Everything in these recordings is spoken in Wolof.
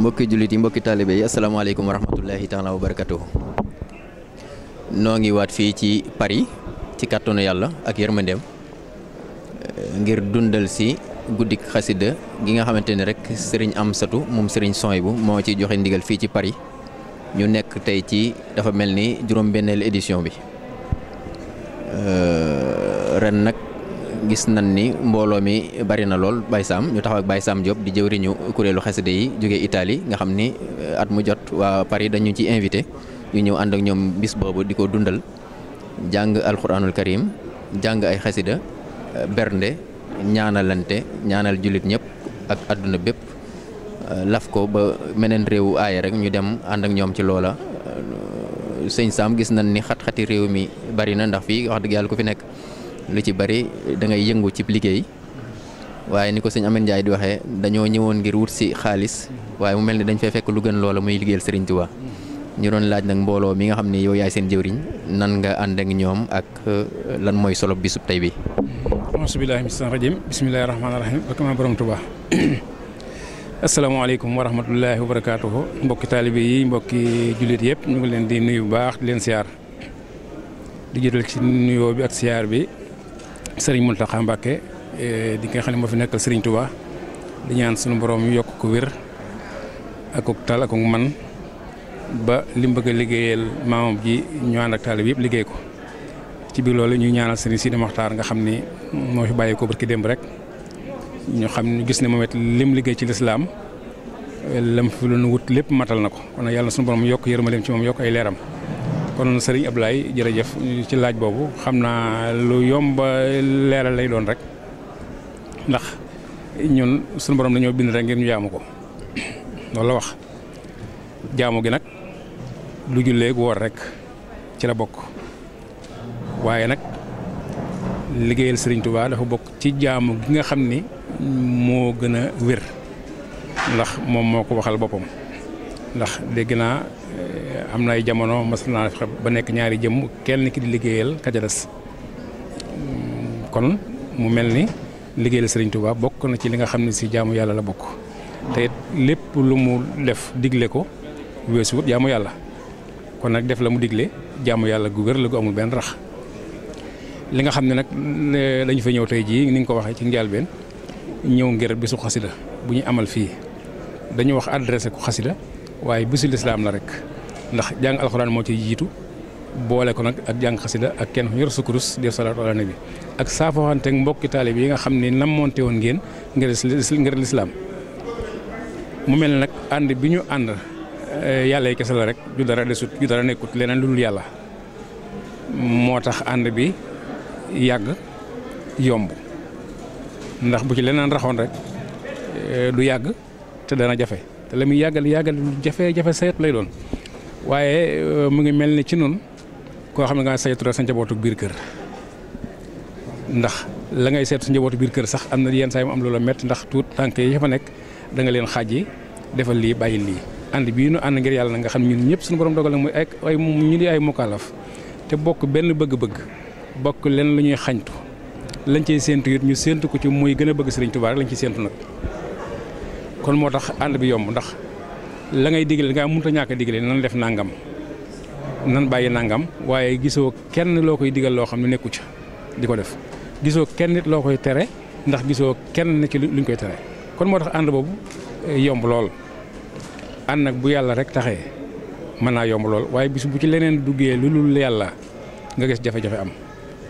mbokki jullit yi mbokki taalibe yi asalaamaaleykum wa rahmatullahi taala wa noo ngi waat fii ci Paris ci kàttanu yàlla ak yërmandeem eh, ngir dundal si guddik xasida gi nga xamante ni rek sëriñ Amsatu moom sëriñ Sohaybu moo ci joxe ndigal fii ci Paris ñu nekk tey ci dafa mel ni juróom-benneelu édition bi eh, ren nag gis nan ni mbooloo mi bari na lool Baye Sam ñu taxaw ak Baye Sam Diop di jëwriñu kuréelu xasida yi jóge Italie nga xam ni eh, at mu jot waa Paris dañu ci invité ñu ñëw ànd ak ñoom bis boobu di ko dundal jàng alxuraanul karim jàng ay xasida eh, bernde ñaanalante ñaanal jullit ñëpp ak àdduna bépp eh, laf ko ba meneen réewu aaya rek ñu dem ànd ak ñoom ci loola sëñ Sam gis nañ ni xat-xati réew mi bari na ndax fii wax dëgg yàlla ku fi nekk lu ci bari da ngay yëngu ci liggéey waaye ni ko sëñ Amane Ndiaye di waxee dañoo ñëwoon ngir wut si xaalis waaye mu mel ni dañ fay fekk lu gën loola muy liggéeyal Serigne Touba ñu doon laaj nag mbooloo mi nga xam ne yow yaay seen jëwriñ nan nga ànd ak ñoom ak euh, lan mooy solo bisub tey bi. alhamdulilah bisimilah rajim bisimilah rahmaani rahim ak maa borom Touba. asalaamaaleykum wa rahmatullahi wa barakaatuhu mbokki taalibe yi mbokki jullit yëpp ñu ngi leen di nuyu bu baax di leen siyaar di jëtal ci nuyoo bi ak siyaar bi. sëriñ Mountakha Mbacké eh, di nga xam ne moo fi nekkal sëriñ Touba di ñaan sunu borom yokk ko wér ak ko tal ko man ba li mu bëgg a liggéeyal maamam ji ñu ànd ak taalib yëpp liggéey ko ci biir loolu ñu ñaanal sëriñ Sidi Mokhtar nga xam ni moo fi bàyyi ko barki démb rek ñu xam ñu gis ne moom it lim liggéey ci lislaam lam fi lu nu wut lépp matal na ko kon yàlla sunu borom yokk yërmandeem ci moom yokk ay leeram. kon sëriñ laay jërëjëf ci laaj boobu xam naa lu yomb leeral lay doon rek ndax ñun suñu borom dañoo bind rek ngir ñu jaamu ko loolu la wax jaamu gi nag lu julleeg woor rek ci la bokk waaye nag liggéeyal sëriñ tubaa dafa bokk ci jaamu gi nga xam ni moo gën a wér ndax moom moo ko waxal boppam ndax dégg naa Eh, am na ay jamono mas naa fexe ba nekk ñaari jëm ki di liggéeyal ka ca kon mu mel ni liggéeyal Serigne Touba bokk na ci li nga xam ne si jaamu yalla la bokk te lépp lu mu def digle ko weesu wut jaamu yalla. kon nag def la mu digle jaamu yàlla gu wér la gu amul benn rax li nga xam ne nag eh, dañu fa ñëw tey jii ni nga ko waxee ci ngir bisu bu ñu amal fii dañu wax adressé ko xasida bisu lislaam la rek ndax jàng alxuraan moo ciy jiitu boole ko nag ak jàng xasida ak kenn yor sukurus def salaatu ala bi ak saafoxanteeg mbokki taalib yi nga xam ne nammoonte woon ngeen ngir lislaam mu mel nag ànd bi ñu ànd eh, yàlla yi kese la rek ju dara desut ju dara nekkut leneen lu dul yàlla moo tax ànd bi yàgg yomb ndax bu ci leneen raxoon rek eh, du yàgg te dana jafe te la muy yàggal yàggal jafe jafe sayet lay doon waaye euh, mu ngi mel ni ci nun koo xam ne nga saytu sa njabootu biir kër ndax la ngay seet sa njabootu biir kër sax am na yenn saa yi mu am loola métti ndax tuut tànk yi fa nekk da nga leen xaaji defal lii bàyyi lii ànd bii nu ànd ngir yàlla na nga xam ñun ñëpp suñu borom dogal nag mooy ay ay ñu di ay mukaalaf te bokk benn bëgg-bëgg bokk leen lu ñuy xañtu lañ cey séentu it ñu séentu ko ci muy gën a bëgg Sëriñ Tuubaa rek lañ ciy séentu nag kon moo tax ànd bi yomb ndax la ngay digle nga mënut a ñàkk a digle nan def nangam nan bàyyi nangam waaye gisoo kenn loo koy digal loo xam ne nekku ca di ko def gisoo kenn nit loo koy tere ndax gisoo kenn ci luñ koy tere kon moo tax ànd boobu eh, yomb lool ànd nag bu yàlla rek taxee mën naa yomb lool waye bisu bu ci leneen duggee lu lul nga gis jafe-jafe am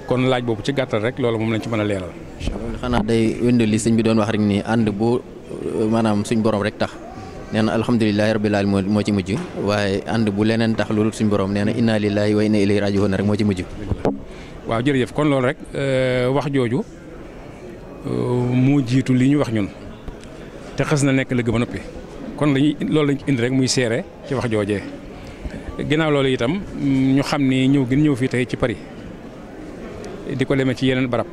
kon laaj bobu ci gàttal rek loolu moom lañ ci mën a leeral. incha allah xanaa day wëndali sëñ bi doon wax rek ni ànd bu eh, maanaam suñ borom rek tax. nee na alhamdulilahi rabbil alamin moo ci mujj waaye ànd bu leneen tax loolu suñu borom nee na inna lillahi wa inna ilayhi rajiun rek moo ci mujj. waaw jëf kon loolu rek euh, wax jooju euh, mu jiitu li ñu wax ñun te xas na nekk lëgg ba noppi kon lañuy loolu lañ indi rek muy seere ci wax joojee ginnaaw loolu itam ñu xam ni ñëw gën ñëw fii tey ci Paris di ko demee ci yeneen barab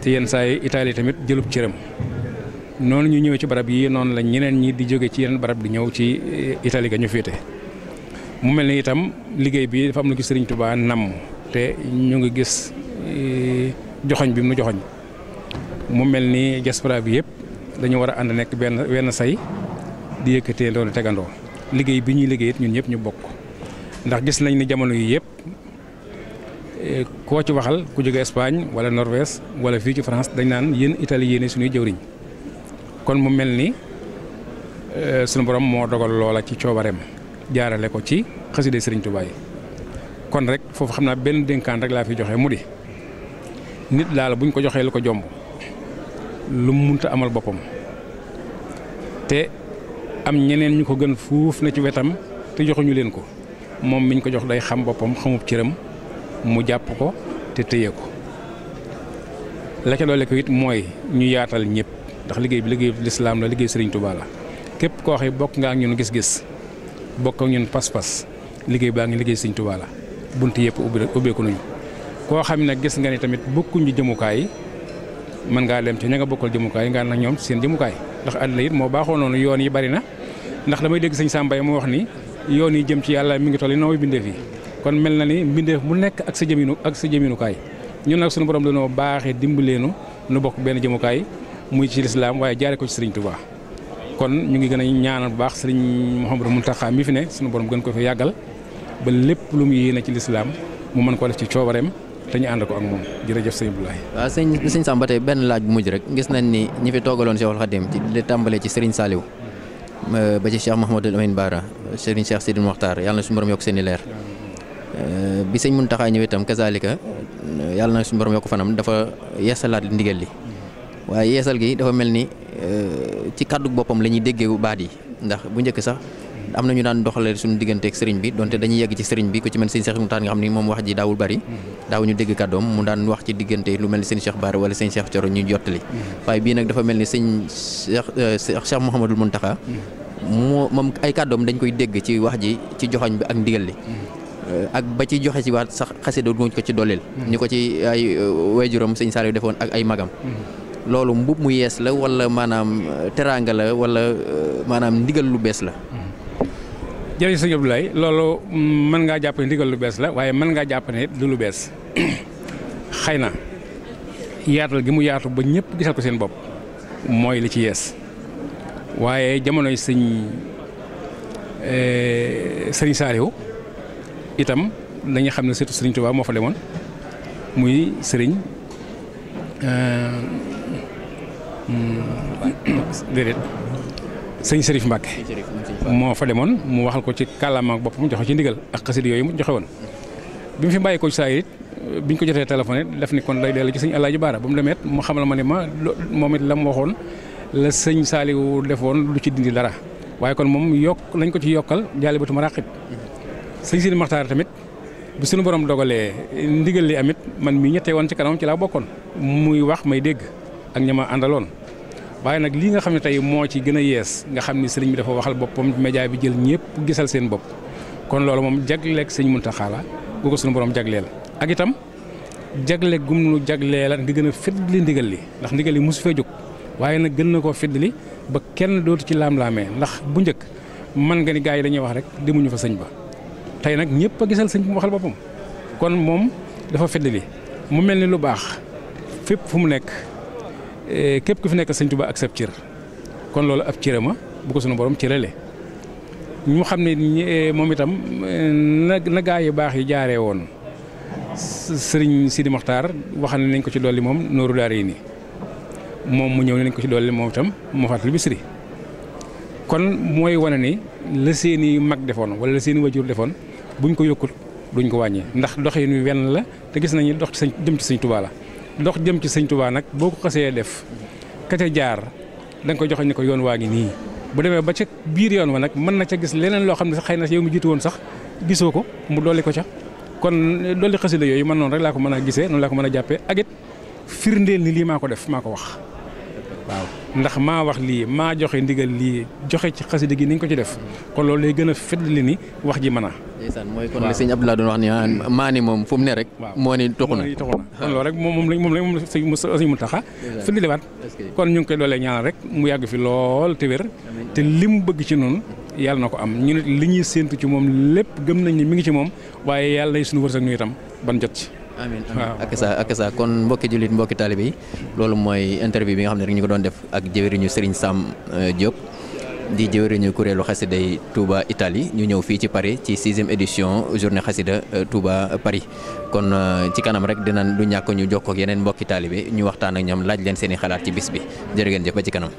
te yenn saa yi tamit jëlub cëram non ñu ñëwee ci barab yi noonu la ñeneen ñi di jóge ci yeneen barab di ñëw ci eh, Italie ga ñu féete mu mel ni itam liggéey bi dafa am lu ci Serigne Touba nam te ñu ngi gis eh, joxoñ bi mu joxoñ mu mel ni diaspora bi yëpp dañu war a ànd nekk benn wenn say di yëkkatee loolu tegandoo liggéey bi ñuy liggéey it ñun ñëpp ñu bokk ndax gis nañ ni jamono yi yëpp eh, koo ci waxal ku jóge Espagne wala Norvège wala fii ci France dañ naan yéen Italie yéene suñuy jëwriñ kon mu mel ni euh, sunu borom moo dogal loola ci coobareem jaarale ko ci xaside Sëriñ Tuubaa yi kon rek foofu xam naa benn dénkaan rek laa fi joxe mu di nit laal buñ ko joxee lu ko jomb lu mu munta amal boppam te am ñeneen ñu ko gën fuuf na ci wetam te joxuñu leen ko moom miñ ko jox day xam boppam xamub cëram mu jàpp ko te téye ko la ca doole ko it mooy ñu yaatal ñëpp. ndax liggéey bi liggéey l'islam la liggéey Serigne Touba la képp koo xam bokk nga ak ñun gis-gis bokk ak ñun pas-pas liggéey baa ngi liggéey Serigne Touba la bunt yëpp ubbeeku nañu koo xam ne gis nga ni tamit jemukai, jëmukaay mën ngaa dem ci ña nga bokkal jëmukaay nga na ñoom seen jëmukaay ndax àddina it moo baaxoo noonu yoon yi bari na ndax damay dégg sëñ Samba mu wax ni yoon yi jëm ci yàlla mi ngi toll noo bindeef yi kon mel na ni mbindeef bu nekk ak sa jëminu ak sa jëminukaay ñun nag suñu borom dañoo baaxee dimbaleenu nu bokk benn jëmukaay muy ci lislaam waaye jaare ko ci Serigne Touba kon ñu ngi gën a ñaanal bu baax Serigne Mouhamadou Mountakha mi fi ne sunu borom gën ko fi yàggal ba lépp lu mu yéene ci lislaam mu mën koo def ci coobareem te ñu ànd ko ak moom jërëjëf sëñ Abdoulaye. waaw sëñ sëñ Samba tey benn laaj bu mujj rek gis nañ ni ñi fi toogaloon Cheikhul Khadim ci di tàmbalee ci Serigne Saliou ba ci Cheikh Mouhamadul Amine Bara Serigne Cheikh Sidine Mokhtar yàlla na suñu borom yokk seen i leer bi sëñ Mountakha ñëwee itam kazaalika yàlla na suñu borom yokk fanam dafa yeesalaat ndigal li waaye yeesal gi dafa mel ni euh, ci kàddu boppam la ñuy déggee baat yi ndax bu njëkk sax am na ñu daan doxalee suñu digganteek sëriñ bi donte dañu yegg ci sëriñ bi ko ci mel sëñ Cheikh Moutar nga xam ni moom wax ji daawul bari mhm. daawu ñu dégg kàddoom mu daan wax ci diggante lu mel ni sëñ Cheikh Bara wala sëñ ñu jottali mhm. waaye bii nag dafa ni sëñ euh, Cheikh Cheikh Mouhamadul Mountakha mhm. moo moom ay kàddoom dañ koy dégg ci wax ji ci joxoñ bi ak ndigal li euh, ak ba ci joxe ci waat sax xasida duñ ko ci dooleel. ñu ko ci ay waajuram sëñ Saliou defoon ak ay magam loolu mbubb mu yees la walla maanaam euh, teraanga la wala euh, maanaam ndigal lu bees la. Mm-hmm. jërëjëf sëñ Abdoulaye loolu mm, mën ngaa jàpp ne ndigal lu bees la waaye mën ngaa jàpp lu bees xëy na yaatal gi mu yaatu ba ñëpp gisal ko seen bopp mooy li ci yees waaye jamonoy sëñ euh, sëriñ Saliou itam dañu xam ne surtout sëriñ Touba moo fa demoon muy sëriñ Hmm. déedéet sëñ Serif Mbacke moo fa demoon mu waxal ko ci kàllaama ak boppam joxe ci ndigal ak xasida yooyu mu joxe woon bi mu fi bàyyi ko ci saa it biñ ko jotee téléphoné daf ni kon lay dellu ci sëñ Alaaji Baara ba mu demee mu xamal ma ne ma moom it la mu waxoon la sëñ Saliou defoon lu ci dindi dara waaye kon moom yokk lañ ko ci yokkal jaali ma raqib sëñ Sidi Maxtaar tamit bu suñu borom dogalee ndigal li amit man mii ñettee woon ci kanam ci laa bokkoon muy wax may dégg ak ña ma àndaloon waaye nag lii nga xam ne tey moo ci gën a nga xam sëriñ bi dafa waxal bi jël gisal seen bop kon loolu mom jagleeg sëñ Muntaxa la gu ko sunu borom jagleel ak itam jagleeg gum nu jagleel la di gën a fëddali ndigal li ndax ndigal li mosu fee jóg waaye gën ba kenn dootu ci laam-laamee ndax bu man nga ni gars dañuy wax rek demuñu fa sëñ ba tey nag bu waxal kon mom, dafa fëddali mu mel lu baax fépp fu mu Eh, képp ku fi nekk sëñ Tuubaa ak sab cër kon loolu ab cëram ma bu ko sunu borom cërale ñu xam ne eh, moom itam eh, na na gaa yu baax yi jaaree woon sëriñ Sidi Moxtaar waxal nañ ko ci dolli moom nooru daara yi nii moom mu ñëw nañ ko ci dolli moom itam moo fàttali bisri kon mooy wane ni la seeni mag defoon wala la seeni wajur defoon buñ ko yokkut duñ ko wàññee ndax doxin wi wenn la te gis nañu dox ci sëñ dem ci sëñ Tuubaa la ndox jëm ci sëñ Tuubaa nag boo ko xasee def kate jaar da ko joxe ni ko yoon waa ngi nii bu demee ba ca biir yoon wa nag mën na ca gis leneen loo xam ne sax xëy na yow mu jiitu woon sax gisoo ko mu dolli ko ca kon dolli xasida yooyu man noonu rek laa ko mën a gisee noonu laa ko mën a jàppee ak it firndeel ni lii maa ko def maa ko wax waaw ndax maa wax lii maa joxe ndigal lii joxe ci xasida gi ni ko ci def kon loolu lay gën a fëtli ni wax ji mën a. ndeysaan mooy kon li sëñ Abdoulaye doon ah, maa ni moom fu ne rek. moo ni toxu na kon loolu rek moom moom lañ moom lañ moom sëñ sëñ Mountakha fëtliwaat kon ñu ngi koy doolee ñaan rek mu yàgg fi lool te wér te li mu bëgg ci noonu. yàlla na ko am ñu li ñuy séentu ci moom lépp gëm nañ ni mi ngi ci moom waaye yàlla nay suñu wërsëg ñu itam ban jot ci amiin ak sa ak sa kon mbokki jullit mbokki taalibe yi loolu mooy interview bi nga xam ne rek ñu ko doon def ak jëwriñu Serigne Sam euh, Diop di jëwriñu kuréelu xasida yi Touba Italie ñu ñëw fii ci Paris ci sixième édition journée xasida euh, Touba Paris kon euh, ci kanam rek dinañ du ñàkk ñu jokkoo ak yeneen mbokki taalibe ñu waxtaan ak ñoom laaj leen seeni xalaat ci bis bi jërë ngeen jëf ba ci kanam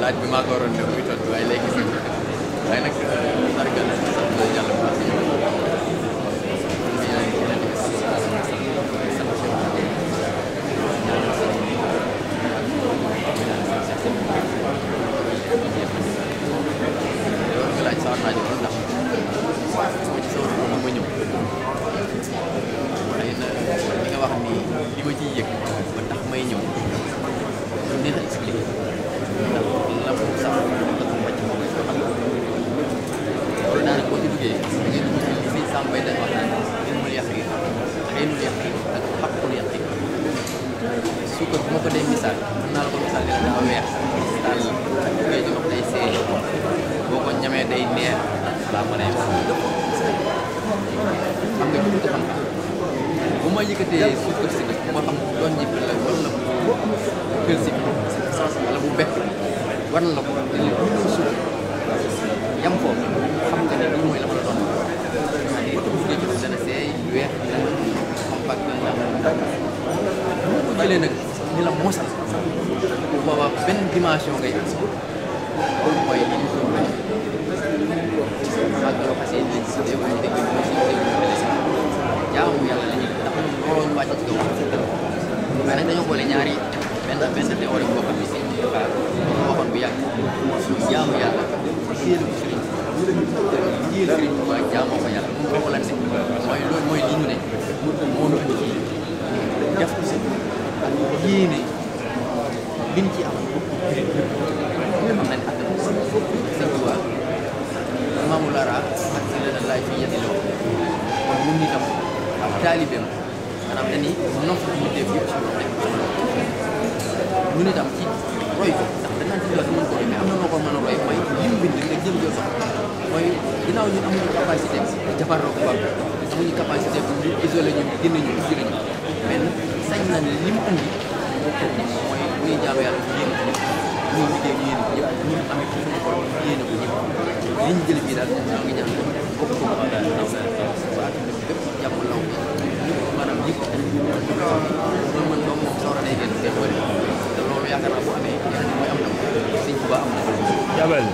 laaj bi maa ko waroon ne muy tontu waaye léegi waaye nag euh, sargal na yàlla bu baax benn dimension ngay am loolu mooy li ñu ko mën a màggalu jaamu yàlla la ñuy dafa loolu wàcc ci kaw mais nag dañoo boole ñaari benn benn théorie boo xam ne si waa waxoon bu yàgg jaamu yàlla jéelu sëriñ jéelu sëriñ bu baax jaamoo ko yàlla moom boo ko lan mooy loolu mooy li ñu ne moo ñu indi def ko si eh. yéene biñ ci am xam nañ ak sëñ Tuubaa maamu Lara ak si leneen laay fi yeddi loo kon mun ni tam ak taalibeem maanaam dañuy nopp ci mbindeef ci roy ko ndax danaa ci jot mën ko roy mais am na noo ko mën a roy mooy lim bind nga jël yoo sax mooy ginnaaw ñun amuñu capacité jafaroo ko bab amuñu capacité bu ñu isolé ñu génne ñu jëriñu mais nag sañ na ne li mu indi mooy ngay jaamu jël bii daal ñoo ngi ñaan bokk ko am daal naw waa lépp jàpp law ñëpp maanaam amee yàlla mooy am na sëñ bu baax am na jabal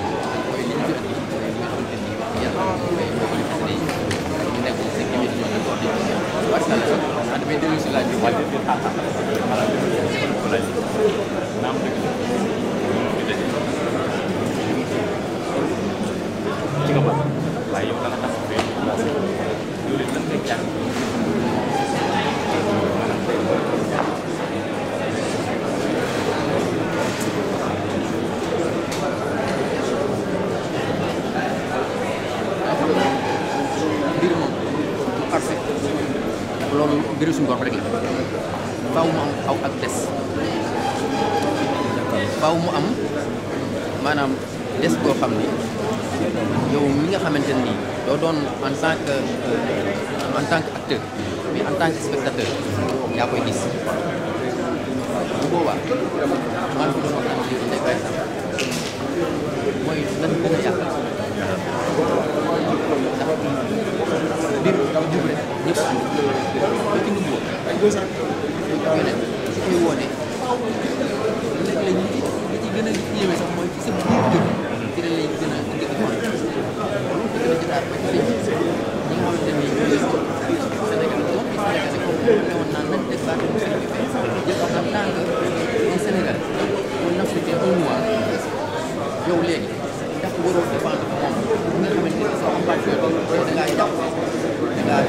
su koy wootee nekk la ñu li ci gën a yéeme sax mooy ci sa biir dëkk ci la lay gën a gën a xool gën a jotaat ba ci lañ ñi nga xamante ne ñooy Sénégal doon ci Sénégal comme newoon naan nañ def baax jël en tant que un Sénégal wala africain un mois yow léegi ndax waroo dépendre moom nga xamante ne sa compatriote da ngaa jàpp da ngaa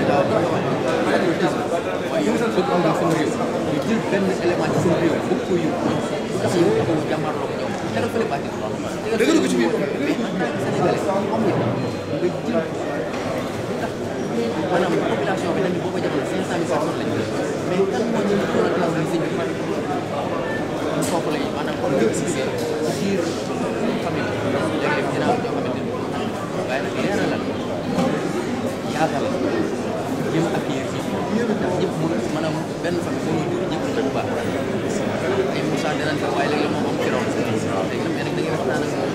da ngaa bëgg am sama réew ñu jël benn élément ci seen réew bëgg ko yóbbu lu tax yow taxaw jàmmarloo ñoom te dafa leen bàcc ci biir sénégalais am nga jël lu tax maanaam population bi dañu boo ko jàppale cinq cent mille personnes lañu mais kan moo ñu ko la taw sëñ bi foofu am ñoo xamante benn fan a ñu jur ñëpp ñu tënk baax ay Moussa dinañ ko waaye a moom am ci raw léegi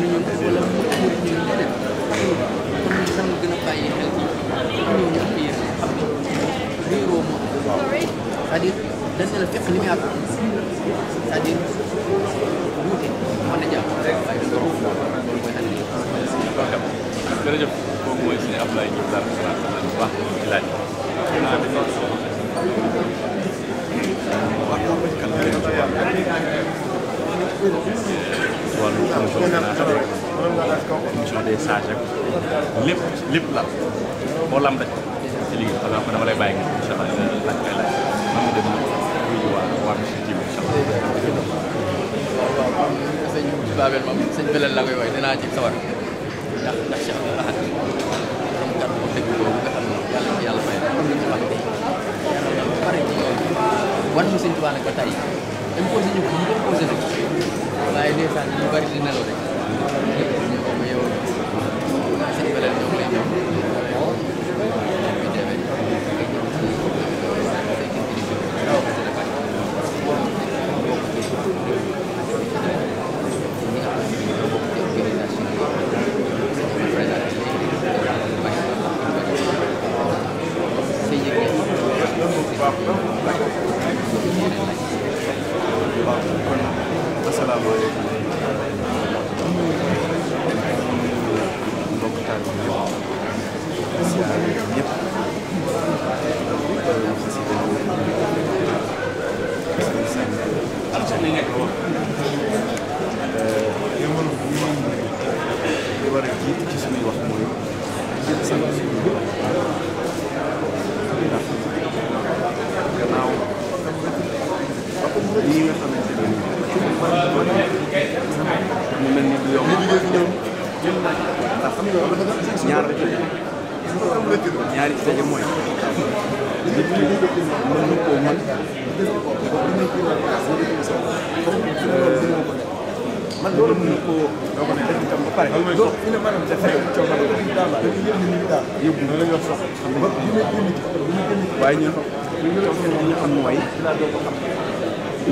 mel ni ñun wala murid ñu leneen kon ñu tam gën a bàyyi xel ci am ñu ñëpp yéen xam ne réeroo moom c'est-à-dire dañ ne lam rek ci liggéey xam naa dama lay bàyyi nga incha allah laaj man ma dem wuyu waa waa monsieur Djim incha allah waaw waaw sëñ Babel moom sëñ Belel la koy woy dinaa ci sawar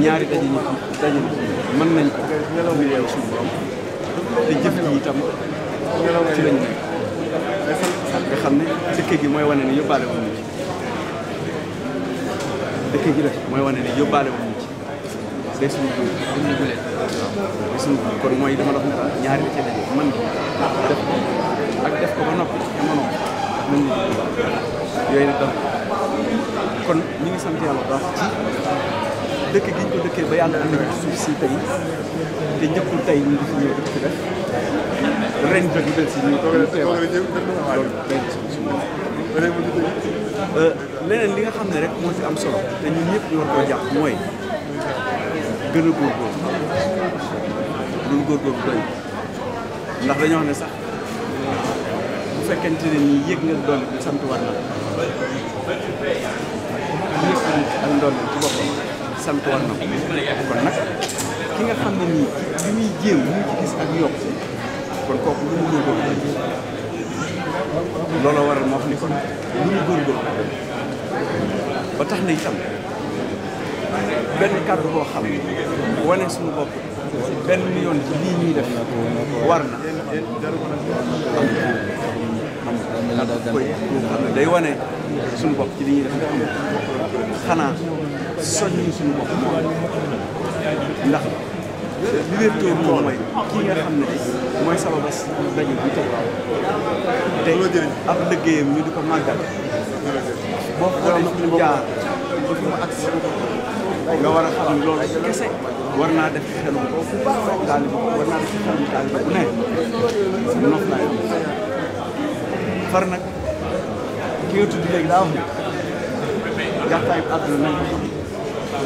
ñaari daje ñu daje mën nañ ko ñu yeewu suñu borom te jëf ji itam ci lañ nekk nga xam ne dëkk gi mooy wane ne yóbbaale woon ñu ci dëkk gi mooy wane ne yóbbaale woon ñu ci day suñu dund kon mooy dama dox ne daal ñaari la ci daje mën def ko ak def ko ba noppi te mënoo mën ñu yooyu nag kon ñu ngi sant yàlla baax dëkk gi ñu ko dëkkee ba yàlla indi suuf si tey te ñëppul tey ñu ngi fi ñëw di ko def ren jot ñu si ñu euh, leneen li nga xam ne rek moo fi am solo te ñun ñëpp ñu war koo jàpp mooy gën a góorgóorlu loolu góorgóorlu doy ndax dañoo xam ne sax bu fekkente ne nii yëg nga doole sant war na ñëpp ak ndolle sant war na kon nag ki nga xam ne nii li muy jéem mu ngi ci gis yokk kon kooku lu mu góorgóorlu looloo waral moo xam ne kon lu mu góorgóorlu ba tax na itam benn kàddu boo xam ne wane suñu bopp benn yoon ci lii ñuy def na am koy loo xam ne day wane suñu ci li ñuy xanaa soññu suñu bopp mooy ndax liberté moom mooy kii nga xam ne mooy sababas daje bi tey te ab liggéeyam ñu di ko màggal boo xoolee fi mu jaar ba fi mu agsi nga war a xam ne loolu kese war naa def ci xelu ko taalibe ko war naa def ci xelu taalibe bu ne nof laay far nag ki nga tudd léegi daa wax ne gàttaay bi àdduna nañ ko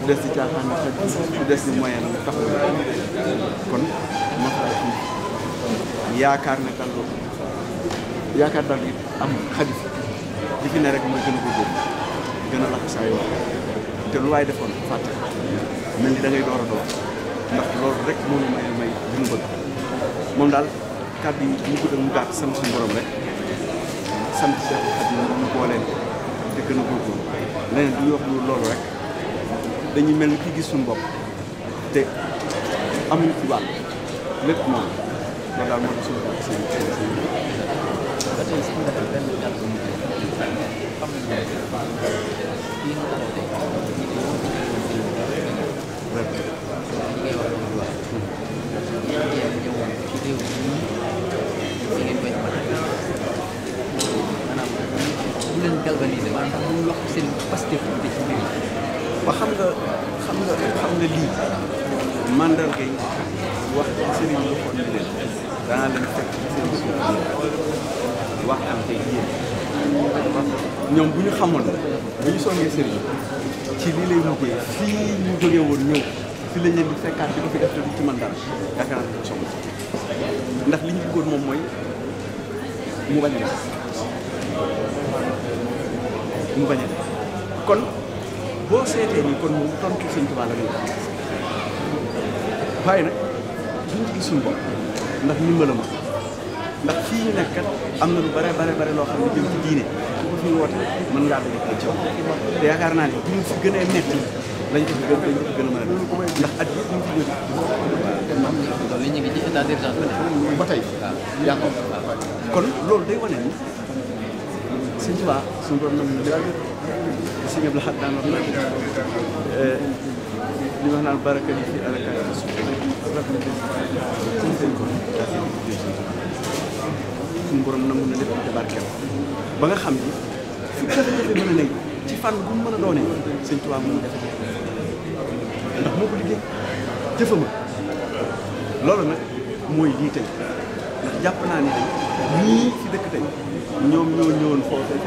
udah des ci caaxaan semua yang ci kon ma ko yaakaar ne am xalis di sini ne rek hukum gën laku ko góob gën a lakk saa yoo te lu rek moom may may li mu bëgg moom daal kàddu yi mu gudd rek rek dañu mel ni ki gis suñu bopp te amuñu ci wàll moom loolu daal moo tax bopp seen seen. maanaam bu leen galvaniser maanaam bu ñu wax seen pastéef bi ci biir ba xam nga xam nga xam nga lii mandarga yi wax ci sëriñ bi xool leen danaa leen fekk ci seen suuf wax am tey yéen ñoom bu ñu xamoon bu ñu songee sëriñ ci lii lay mujjee fii ñu jógee woon ñëw fii la ñu leen di fekkaat di ko def te ci mën dara yaakaar naa ne song ndax li ñu bëggoon moom mooy mu bañ a mu bañ a boo seetee ni kon moom tontu sëñ Tuubaa la ngay waaye nag duñ ci gis suñu bopp ndax ndimbala ma ndax fii ñu nekk kat am na lu bare bare bare loo xam ne jëm ci diine ku ko fi woote mën ngaa def ay coow te yaakaar naa ne bu ñu gën a metti lañ ko fi gën lañ ko fi gën a ndax at ñu ngi fi jóge. li kon loolu day wane ni sëñ Tuubaa suñu borom nam na sëñ Abdou Lahad daan wax naan li na lépp barkeel ba nga xam ni ci fànn bu mu mën a doonee sëñ Tuubaa loolu nag mooy lii tey ndax jàpp naa ne nii fi dëkk tey ñoom ñoo ñëwoon foofu fekk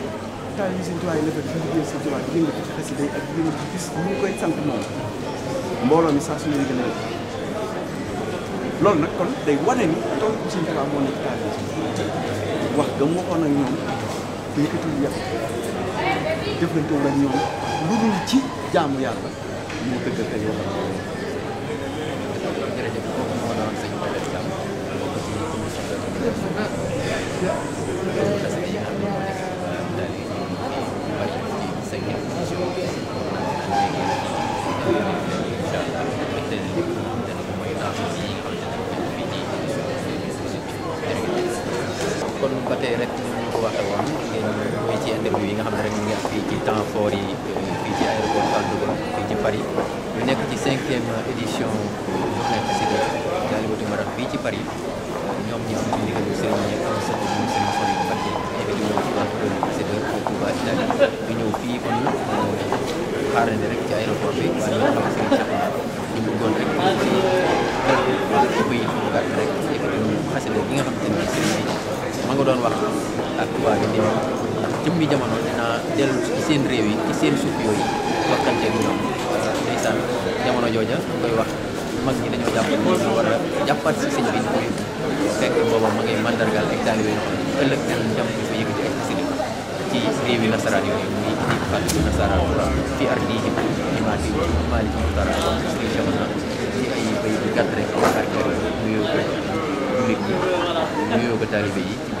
résultat yi seen tubaab yi defal ci liggéey seen tubaab yi yëngatu ci xasida yi ak yëngatu ci gis ñu koy sant moom mbooloo mi saa su ne gën a loolu nag kon day wane ni tool bi seen tubaab moo nekk taal wax ga mu waxoon ak ñoom yëkkatul yàq jëflantewul ak ñoom lu dul ci jaamu yàlla mu dëggal ay waxam jërëjëf kooku moo doon sëñ Mbaye Diagne bokk ci commission de rendez-vous yi nga xam ne rek mu ngi am fii ci temps fort yi fii ci aéroport Charles de Gaulle fii ci Paris ñu nekk ci cinquième édition journée xasida Dialibatoul Marab fii ci Paris ñoom ñi am ci ndigalu Serigne am sa mu Serigne Fallou Mbacké invité woon ci entrepreneur xasida Touba Italie ñu ñëw fii kon xaarandi rek ci aéroport bi waaye ñoo xam Serigne Cheikh ñu bëggoon rek ci bëy bu gàtt rek invité ñu xasida bi nga xam te ne Serigne ma nga doon wax ak tubaab yi ne jëmmi jamono dinaa dellu ci seen réew yi ci seen suuf yooyu waxtanteeg ñoom ndeysaan jamono jooja koy wax mag ñi dañoo jàpp ni war a si sëñ bi mooy fekk booba ma ngay mandargal ak taalibe yi noonu ëllëg dinañ jàpp di ko yëkkati ak jamono ci ay bay bu gàtt rek ak kër nuyoo ko jullit ñi nuyoo yi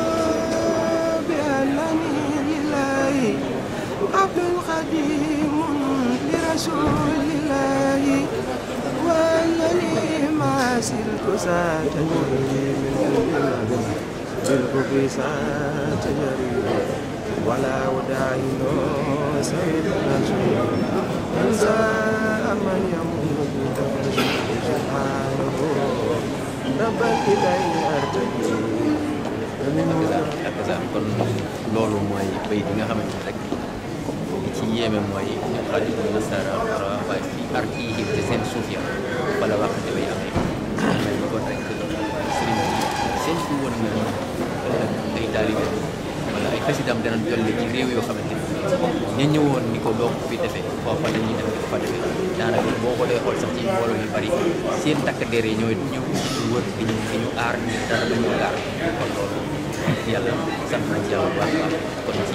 عبد قديم لرسول الله وأنني ما سرت ساتجري من بالكفر ساتجري ولا وداعي سيد الرجل انسى من يموت تفرج سبحانه ربا إليه أرتجي kon loolu mooy bay bi yéeme mooy xadimu nasara waaye ci arc yi ci seen suuf ya wala wax dafay amee mel ni kon rek sëriñ bi seen fi woon na ay taalibe wala ay xasidam danañ jolli ci réew yoo xamante ni ñu ñëwoon ni ko doog fi defee foofa la ñuy def di fa defee daanaka boo ko dee xool sax ci mbooloo yu bari seen takk der yi ñooy ñëw wër di ñu ñu aar ñu dara du ñu aar yàlla sant nañ ci yàlla bu baax a baax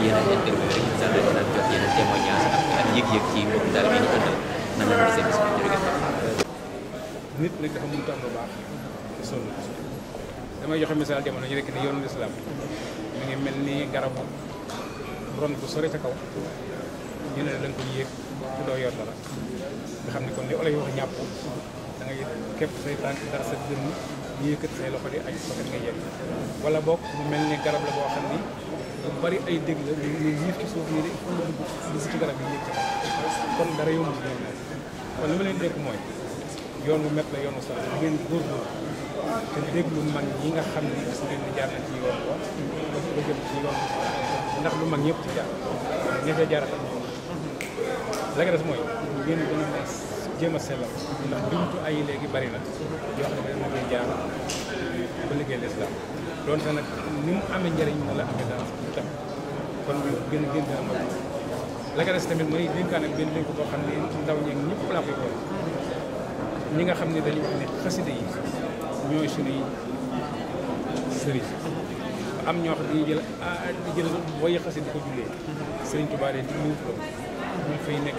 nit nag dafa mënut a am lu baax te sonn damay joxe misaal jamono ji rek ne yoonu lislaam mi ngi mel ni garabu ron bu sore ca kaw ñu ne da nga ko yéeg doo yor dara nga xam ne kon li olof yi wax ñàpp da say tànk dara sa dënn ñu yëkkat say loxo di aj bakkan nga yegg wala boog bu mel ni garab la boo xam ni lu bari ay dégg la ñu ñu yiif ci de garab yi yëg kon dara yomb ci ñoom kon mooy yoon wu métt la yoonu sax di déglu mag ñi nga xam ne gis ngeen ni jaar na ci yoon jëm ci yoon ndax lu mag ñëpp ci jaar ña ca jaar la nga mooy ngeen gën jéem a sellal ndax jumtu ay léegi bari na yoo xam ne dañ koy jaar ba liggéey lislaam ni mu amee njariñ na la amee dara tam kon ñu gën a gën a amal la nga des tamit mooy dénkaane benn dénk boo xam ne ndaw ñeeg ñëpp laa koy xool ñi nga xam ne dañu wax ne xasida yi ñooy suñuy sëriñ am ñoo xam ne dañuy jël ah, di jël di ko jullee sëriñ Tuubaa de di ñu fay nekk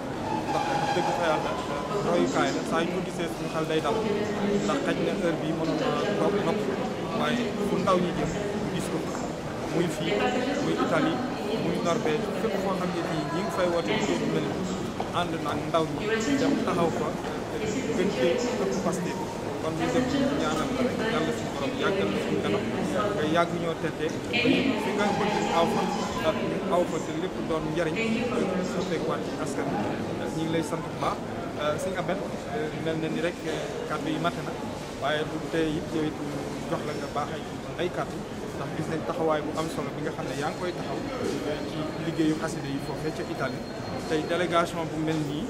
dëgg fa yàlla euh, royukaay la saa yu ko gisee suñu xel day dal ndax xaj na heure bii mënoon naa toog nopp waaye fu ndaw ñi jëm gis ko muy fii muy Italie muy Norvège fépp koo ne fii mel ni ànd naag ndaw ñi dem taxaw fa euh, gën cee ëpp paste kon ñu def ñaanal la rek yàlla suñu borom yàggal la suñu kanam nga yàgg ñoo tete fi nga bëgg aw fa aw ko te lépp doon njariñ sotteekuwaat ci askan ñi ngi lay sant bu baax euh, sëñ Abel euh, mel na ni rek euh, kàddu yi matte na waaye bu tey it yow jox la nga baax ay ay kàddu ndax gis nañ taxawaay bu am solo bi nga xam ne yaa ngi koy taxaw ci liggéeyu xaside yi foofee ca Italie tey délégation bu mel nii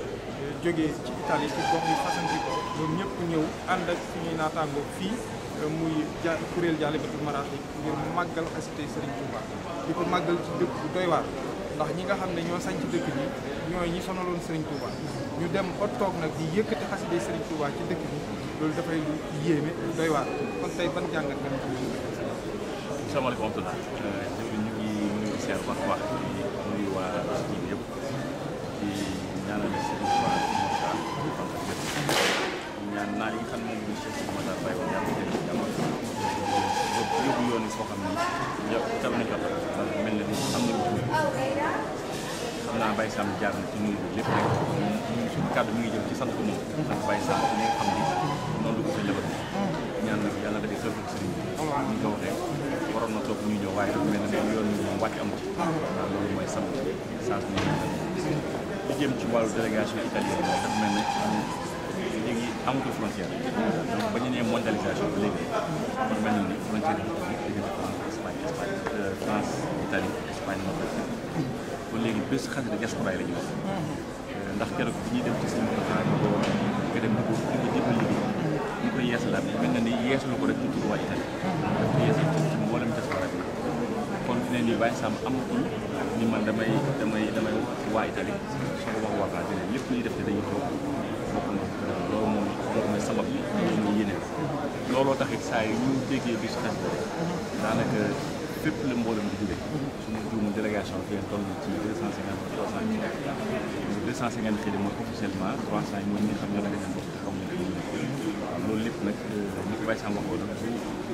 jógee ci Italie ci gox yu fasanti ko ñoom ñëpp ñëw ànd ak suñuy naataangoo fii Eh, muy ja kuréel Jaalibatul Maraaxib ngir màggal xasitay Serigne Touba di ko màggal ci dëkk bu doy waar ndax ñi nga ini ne ñoo sañ ci dëkk bi ñooy ñi sonaloon Serigne Touba ñu dem ba toog nag di yëkkati xasitay Serigne Touba ci dëkk bi loolu dafay lu yéeme doy waar kon tey ban jàngat nga xam ne salaamaaleykum Abdoulaye euh, ñu ngi nuyu seer baax baax di nuyu waa Sénégal di ñaanal Serigne Touba ñaan naa li nga xam ne moom ñu Cheikh Mouhamadou yóbbu yoon yi foo xam ni yow tam na jot mel na ni am na lu xam naa Baye Sam jaar na ci nuyu bi lépp rek suñu kàddu mi ngi jëm ci sant ko moom ndax Baye Sam ñi nga xam ni noonu lu na ñu ko waxee waroon na toog ñuy ñëw waaye dafa ci wàllu délégation italienne dafa amatul frontière donc ba ñu nee mondialisation ba léegi kon ni frontière yi diggante Espagne Espagne euh, France Italie Espagne moo koy kon léegi bés xasida diaspora yi la wax euh, ndax keroog bi ñuy dem ci seen programme ko nga ko di ko jébbal mel na ni yeesalu ko rek ci turu waa Italie daf ko ci mboolem diaspora bi kon fi ne nii Baye Sam amatul ni man damay damay damay waa Italie soo ko wax waa France lépp luy def te dañuy toog bokk na loolu moom sabab bi mu yéene la looloo taxit saa yi ñu déggee bis la mboolem di jóge su ma juum délégation bi toll ci deux cent cinquante trois cent nga xam ñoo la a bokk te xamuñu loolu lépp nag ni euh, ko Baye Samb waxoon du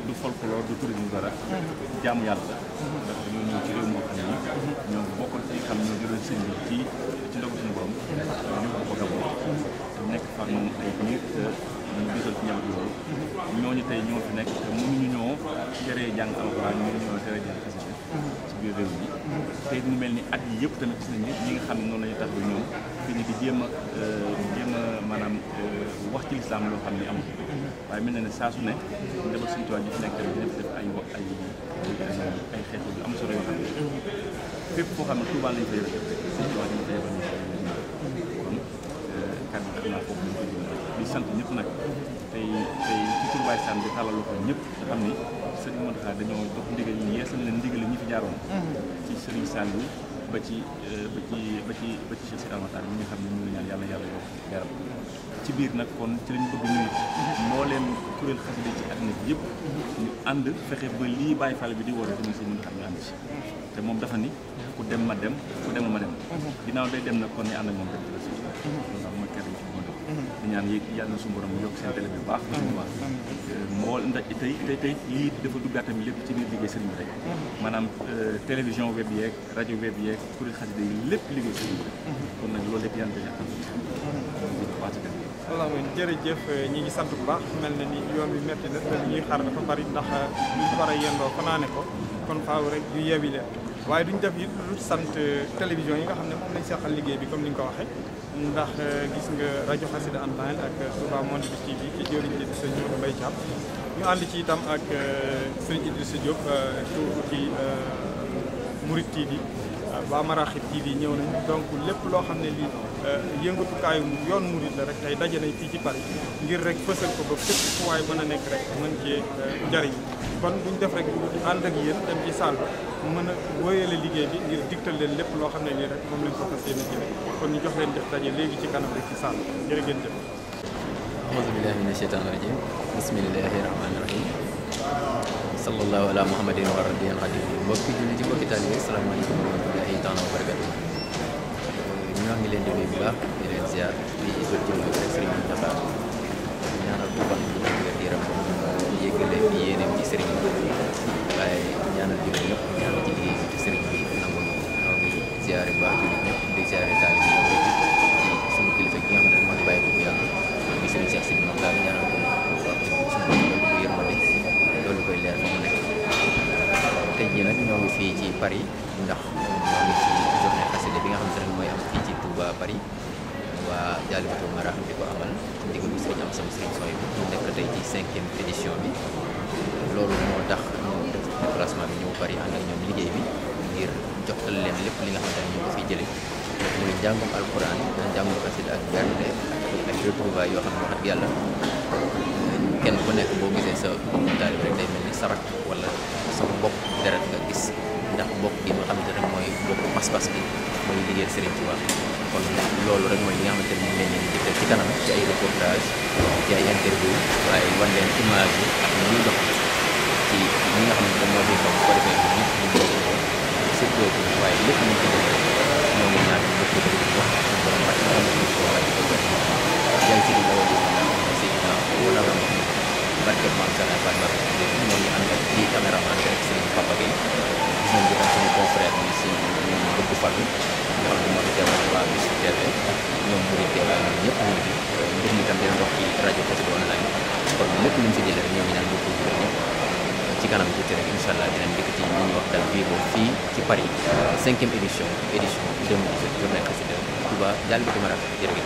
du folklore du tourisme dara jaamu yàlla la ndax dañoo ñëw ci réew moo xam ne ñoo bokkoon ci xam ñoo jëloon sëñ bi ci ci suñu borom ñu ko ko nekk fa moom ay biir ñu jiital ñooñu tey ñoo fi nekk te mënuñu ñoo teree jàng alxuraan mënuñu ñoo teree jàng xasida ci biir réew mi tey mu mel ni at yi yëpp tamit gis nañu ñi nga xam ne noonu lañu tax ba ñoom te ñu di jéem a euh, jéem a maanaam euh, wax ci lislaam loo xam ne am waaye mel na ne saa su ne dafa suñu tuwaay ñu fi nekk tamit ñëpp ay wax ay ay xeetu yu am solo yoo xam ne fépp foo xam ne Tuubaa lañu fa yore suñu tuwaay ñu fa yore sant ñëpp nag tey tey ci tur Baye Sam bi ko ñëpp nga xam ni Serigne Mountakha dañoo jox ndigal ñi yeesal leen ndigal ñi fi jaaroon mm-hmm. ci Serigne ci euh, ba ci ba ci ba ci Cheikh xam ne ñu yàlla yàlla yokk leeram ci biir nag kon ci lañ bëgg ñu moo leen bi yëpp mm-hmm. ñu ànd fexe ba lii Baye Fall bi di woote dama si mën xam ñu ànd ci te moom dafa ni ku dem ma dem ku demul ma dem mm-hmm. ginnaaw day dem nag kon ñu ànd moom dem loolu sax ñaan yi yàlla na suñu borom yokk seen télé bi baax sëriñ Tuubaa moo ndax tey tey tey lii dafa duggaat tamit lépp ci biir liggéey sëriñ bi rek maanaam euh, télévision web yeeg rajo web yeeg kuréel xasida yi lépp liggéey sëriñ bi kon nag loolu lépp yàlla na dañu voilà ñi ngi sant bu baax mel na ni yoon bi métti na te ñuy xaar dafa bari ndax euh, ñu war a yendoo fanaane ko kon faaw rek yu yebi waaye duñ def it lu sant télévision yi nga xam ne moom lañ seqal liggéey bi comme ni nga ko waxee ndax euh, gis nga rajo Xassida online ak euh, Touba Monde bi TV ci jëriñ ji sa ñëw Mbaye Thiam ñu ànd ci itam ak euh, Serigne Idrissa Diop tuuti ci Mouride TV waa Maraxib TV ñëw nañ donc lépp loo xam ne li yëngatukaayu yoon murid la rek tey daje nañ fii ci Paris ngir rek fësal ko ba fépp fu waay mën a nekk rek mën cee jariñ kon duñ def rek ànd ak yéen dem ci salle ba mën a wóyale liggéey bi ngir digtal leen lépp loo xam ne nii rek moom lañ ko fas yéene jëlee kon ñu jox leen def daje léegi ci kanam rek ci salle jërë ngeen jëf aouzu billahi mina sheytaani rajim bismillahi rahmaani rahim sallallahu ala muhammadin wa rabbi al xadim mbokki julli ci mbokki taalibe yi asalaamaaleykum wa rahmatullahi taala wa barakatu ñoo ngi leen di nuyu bu baax di leen ziar di jot jëm rek sëriñ Moustapha ñaanal bu baax nga leen di yéene ci sëriñ bi waaye ñaanal jullit ñëpp ñaanal ci liggéey bi te sëriñ ñoo gi nga xam fi ci pari loolu ko yërmande loolu koy leer fa mu nekk ndax nga xam ne ren mooy am fii ci Touba Paris waa Diallibatou ko amal ndigal am sama sooy nekk tey ci cinquième édition bi loolu moo tax ñu def déplacement bi ñëw Paris ànd ak ñoom liggéey bi ngir joxtal leen lépp li nga xamante ne ñoo ko fiy jëlee muy njàngum alquran njàngum xasida ak gànde ak ay retrouvailles yoo xam ne wax dëgg yàlla kenn ku boo gisee sa taalib rek day mel ni sarak wala sa mbokk deret nga gis ndax mbokk gi nga xamante ne mooy mbokk pas-pas bi mooy liggéey Serigne Touba looloore mooy li nga xamante yang kita, lañ leen ci kanam ci ay reportage ci ay interview waaye wan leen image yi ak ñuy dox ci li nga situasi ne moo di dox ko defee bu nit ñu dox ko surtout ko waaye lépp ñu ci def ñoo ngi ñaan ñu ko def wax suñu borom ak ñu am ko ko ci di dawal yi ci na wala wala barke maam sa ci caméra papa bi ci si ñu bëgg pertemuan telah disediakan memberi nyet nanti untuk ditambil waktu raja kedua lain pertemuan ini menjadi dari yang minang buku bukunya jika nanti kita lagi dengan diketi ini waktu vivo fi di Paris 5 edition edition 2017 jurnal presiden Cuba jalan bagaimana jadi